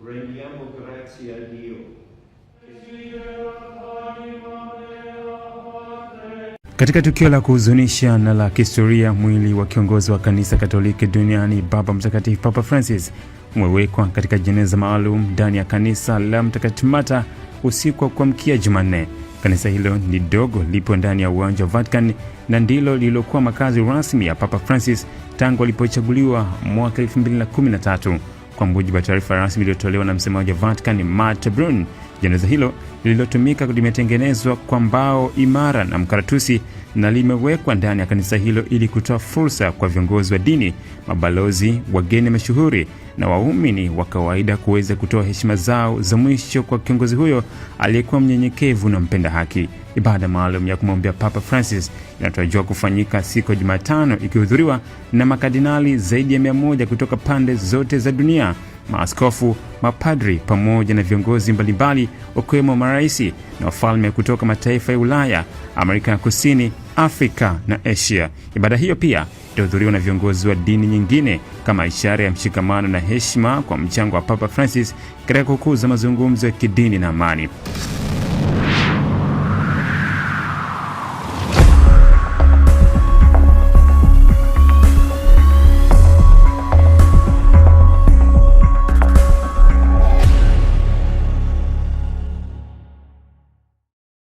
Rendiamo grazie a Dio. Katika tukio la kuhuzunisha na la kihistoria, mwili wa kiongozi wa kanisa Katoliki duniani Baba Mtakatifu Papa Francis umewekwa katika jeneza maalum ndani ya kanisa la Mtakatifu Marta usiku wa kuamkia Jumanne. Kanisa hilo ni dogo, lipo ndani ya uwanja wa Vatican na ndilo lililokuwa makazi rasmi ya Papa Francis tangu alipochaguliwa mwaka 2013 kwa mujibu wa taarifa rasmi iliyotolewa na msemaji wa Vatican Matt Brun. Jeneza hilo lililotumika limetengenezwa kwa mbao imara na mkaratusi na limewekwa ndani ya kanisa hilo ili kutoa fursa kwa viongozi wa dini, mabalozi, wageni mashuhuri na waumini wa kawaida kuweza kutoa heshima zao za mwisho kwa kiongozi huyo aliyekuwa mnyenyekevu na mpenda haki. Ibada maalum ya kumwambia Papa Francis inatarajiwa kufanyika siku ya Jumatano ikihudhuriwa na makardinali zaidi ya mia kutoka pande zote za dunia, maaskofu, mapadri pamoja na viongozi mbalimbali wakiwemo marais na wafalme kutoka mataifa ya Ulaya, Amerika ya Kusini, Afrika na Asia. Ibada hiyo pia itahudhuriwa na viongozi wa dini nyingine kama ishara ya mshikamano na heshima kwa mchango wa Papa Francis katika kukuza mazungumzo ya kidini na amani.